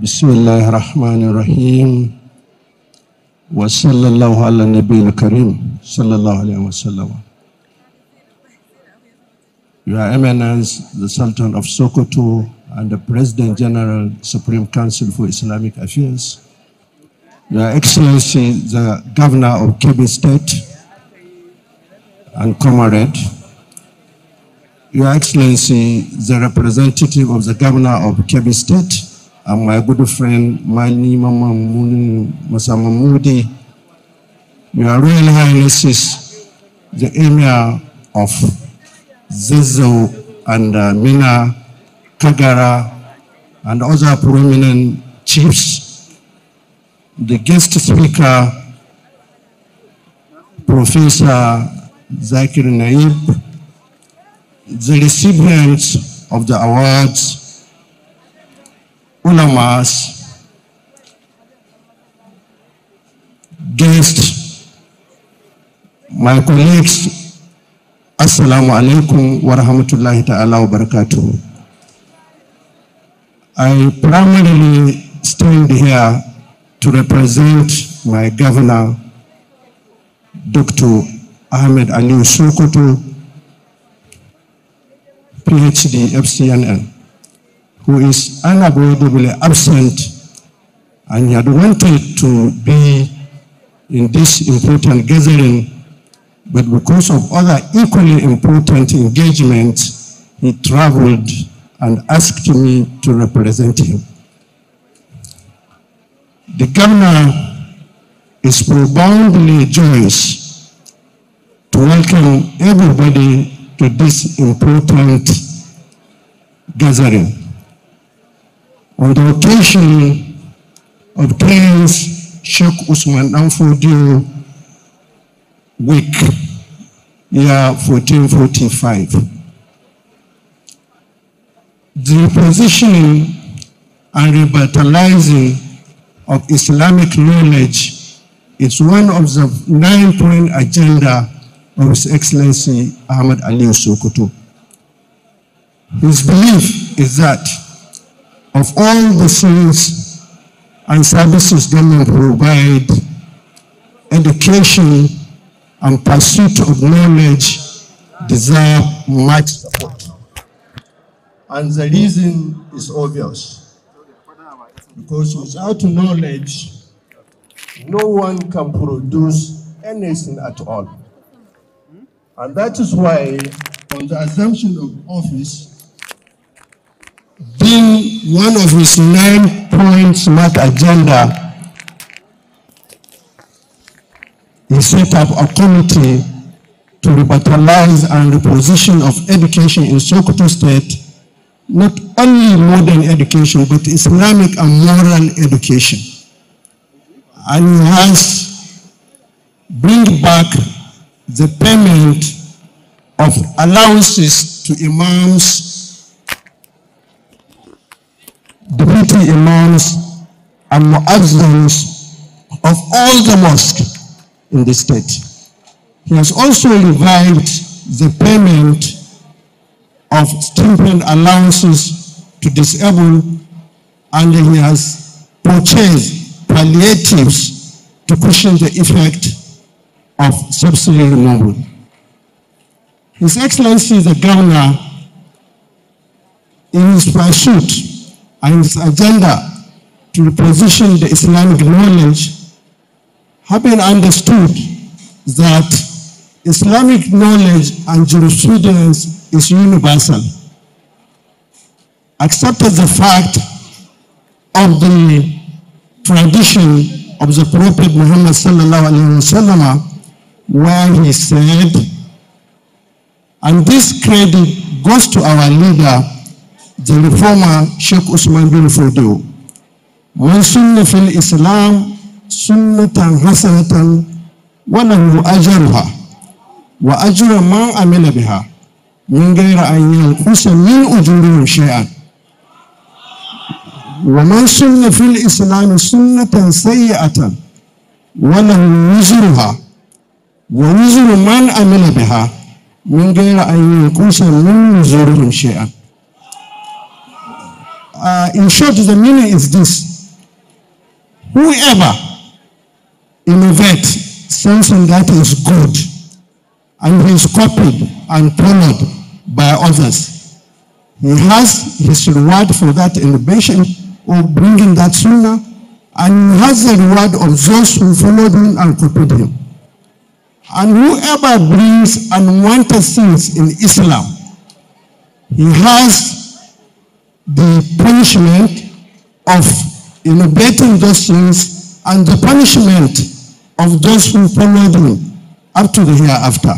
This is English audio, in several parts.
بسم الله الرحمن الرحيم وصلى الله على النبي الكريم صلى الله عليه وسلم Your Eminence, the Sultan of Sokoto and the President General, Supreme Council for Islamic Affairs, Your Excellency, the Governor of Kebbi State and Comrade, Your Excellency, the representative of the Governor of Kebbi State, and my good friend, Mani Mama Muni Masama Moody, Your Royal Highnesses, the Emir of Zezo and uh, Mina, Kagara, and other prominent chiefs, the guest speaker, Professor Zakir Naib, the recipients of the awards, una más guests, my colleagues, Assalamu alaikum wa rahmatullahi ta'ala wa barakatuh. I primarily stand here to represent my governor, Dr. Ahmed Aliu Sokoto, PhD, FCNN who is unavoidably absent and he had wanted to be in this important gathering, but because of other equally important engagements, he traveled and asked me to represent him. The governor is profoundly joyous to welcome everybody to this important gathering on the occasion of Prince Sheikh Usman Danfodio Week, year 1445. The repositioning and revitalizing of Islamic knowledge is one of the nine-point agenda of His Excellency Ahmad Ali Sokoto. His belief is that of all the things and services government provide, education and pursuit of knowledge deserve much support. And the reason is obvious. Because without knowledge, no one can produce anything at all. And that is why, on the assumption of office, in one of his nine point smart agenda, he set up a committee to revitalize and reposition of education in Sokoto State, not only modern education, but Islamic and moral education. And he has bring back the payment of allowances to imams leading imams and muazzins of all the mosques in the state. He has also revived the payment of stipend allowances to disabled and he has purchased palliatives to cushion the effect of subsidy removal. His Excellency the Governor, in his pursuit and its agenda to reposition the Islamic knowledge have been understood that Islamic knowledge and jurisprudence is universal. Accepted the fact of the tradition of the Prophet Muhammad sallallahu alaihi wasallam where he said, and this credit goes to our leader the reformer Sheikh Usman bin Fodo. Wani sunni fil Islam sunnatan hasanatan wannan ajarwa wa ajira man amina biha min gaira an yi kusa min ujurin shi'an wa man fil islam sunnatan sayyi'atan wa lahu wuzruha wa wuzru man amila biha min gaira an yi kusa min ujurin shi'an uh, in short, the meaning is this. Whoever innovates something that is good and is copied and followed by others, he has his reward for that innovation or bringing that sooner and he has the reward of those who followed him and copied him. And whoever brings unwanted things in Islam, he has the punishment of innovating those things and the punishment of those who followed me up to the hereafter.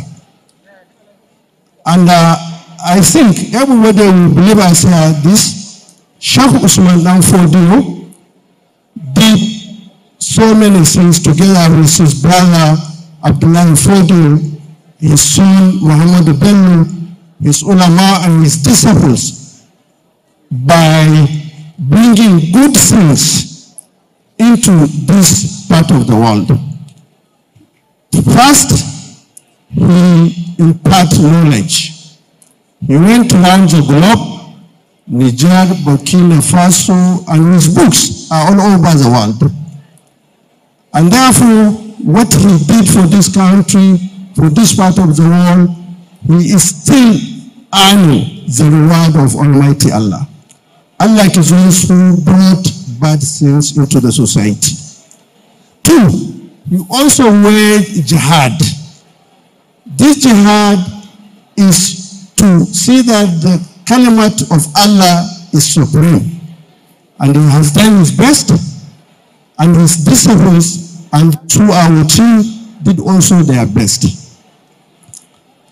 And uh, I think everybody will believe I say this. Shah Usman Danfodio did so many things together with his brother Abdullah Fodio, his son Muhammad Bellu, his ulama and his disciples by bringing good things into this part of the world. First, he imparts knowledge. He went around the globe, Niger, Burkina Faso, and his books are all over the world. And therefore, what he did for this country, for this part of the world, he is still earning the reward of Almighty Allah unlike those who brought bad things into the society. Two, you also wage jihad. This jihad is to see that the kalimat of Allah is supreme. And he has done his best, and his disciples and through our team did also their best.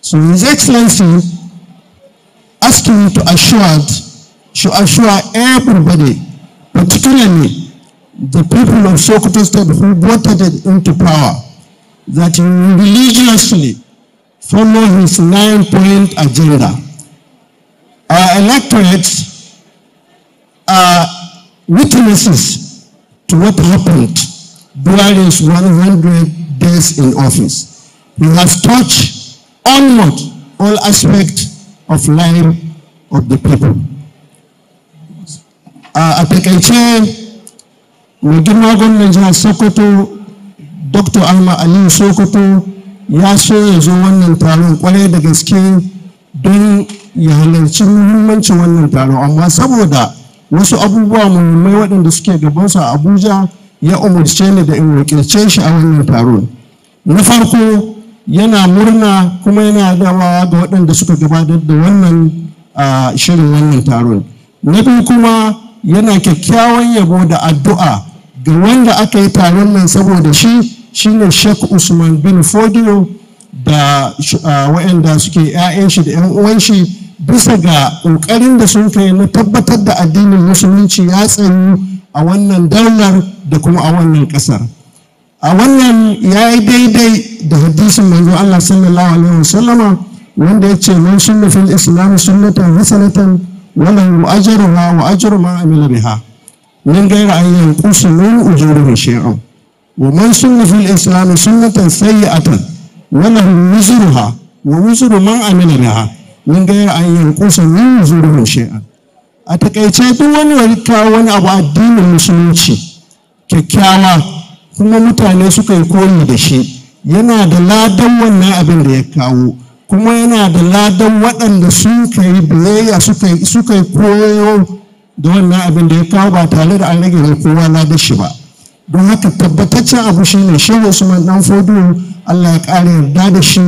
So His Excellency asked me to assure should assure everybody, particularly the people of Sokoto State who voted into power, that he religiously follow his nine-point agenda. Our electorates are witnesses to what happened during his 100 days in office. He has touched almost all aspects of life of the people. a takaice mai girma gwamnan jihar sokoto dr alma aliyu sokoto ya so ya zo wannan taron kwarai da gaske don ya halarci muhimmancin wannan taron amma saboda wasu abubuwa muhimmai waɗanda suke gabansa a abuja ya umarce ni da in wakilce shi a wannan taron na farko yana murna kuma yana dawa ga waɗanda suka gabatar da wannan shirin wannan taron na biyu kuma yana kyakkyawan yabo da addu'a ga wanda aka yi taron nan saboda shi shine Sheikh Usman bin Fodio da waɗanda suke 'ya'yan shi da 'yan uwan shi bisa ga ƙoƙarin da sun kai na tabbatar da addinin musulunci ya tsayu a wannan daular da kuma a wannan ƙasar a wannan ya yi daidai da hadisin manzo Allah sallallahu alaihi wasallama wanda ya ce man sunna fil islam sunnatan hasanatan وله أجرها وأجر ما عمل بها من غير أن ينقص من أجورهم شيئا ومن سن في الإسلام سنة سيئة وله وزرها ووزر من عمل بها من غير أن ينقص من أجورهم شيئا a takaice duk wani wani kawo wani abu addinin musulunci kyakkyawa kuma mutane suka yi koyi da shi yana da ladan wannan abin da ya kawo kuma yana da ladan waɗanda suka yi bilayya suka yi koyo da wannan abin da ya kawo ba tare da an rage da kowa ladan shi ba don haka tabbataccen abu shi ne shehu usman dan fodu allah ya ƙara yarda da shi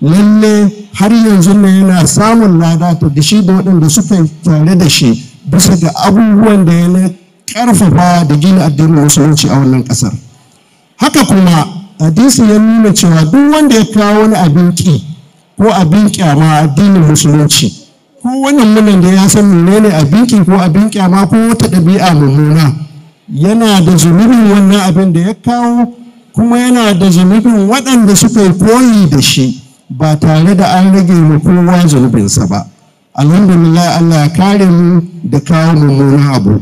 lalle har yanzu ne yana samun lada ta da shi da waɗanda suka yi tare da shi bisa ga abubuwan da ya ƙarfafa da gina addinin musulunci a wannan ƙasar haka kuma hadisi ya nuna cewa duk wanda ya kawo wani abinci. ko abin kyama addinin musulunci ko wannan da ya san menene abinci ko abin kyama ko wata ɗabi'a mummuna yana da zunubin wannan abin da ya kawo kuma yana da zunubin waɗanda suka yi koyi da shi ba tare da an rage mu kowa zunubinsa ba alhamdulillah Allah ya kare mu da kawo mummunan abu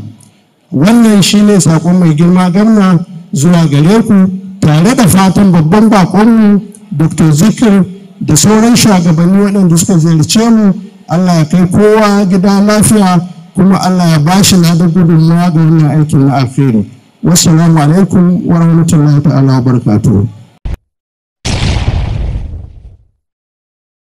wannan shine sakon mai girma gamna zuwa gare ku tare da fatan babban baƙonmu dr zikir da sauran shagabanni waɗanda suka ziyarce mu allah ya kai kowa gida lafiya kuma allah ya bashi na da gudunmawa ga wannan aikin na alheri wassalamu alaikum wa rahmatullahi ta'ala wa barakatuhu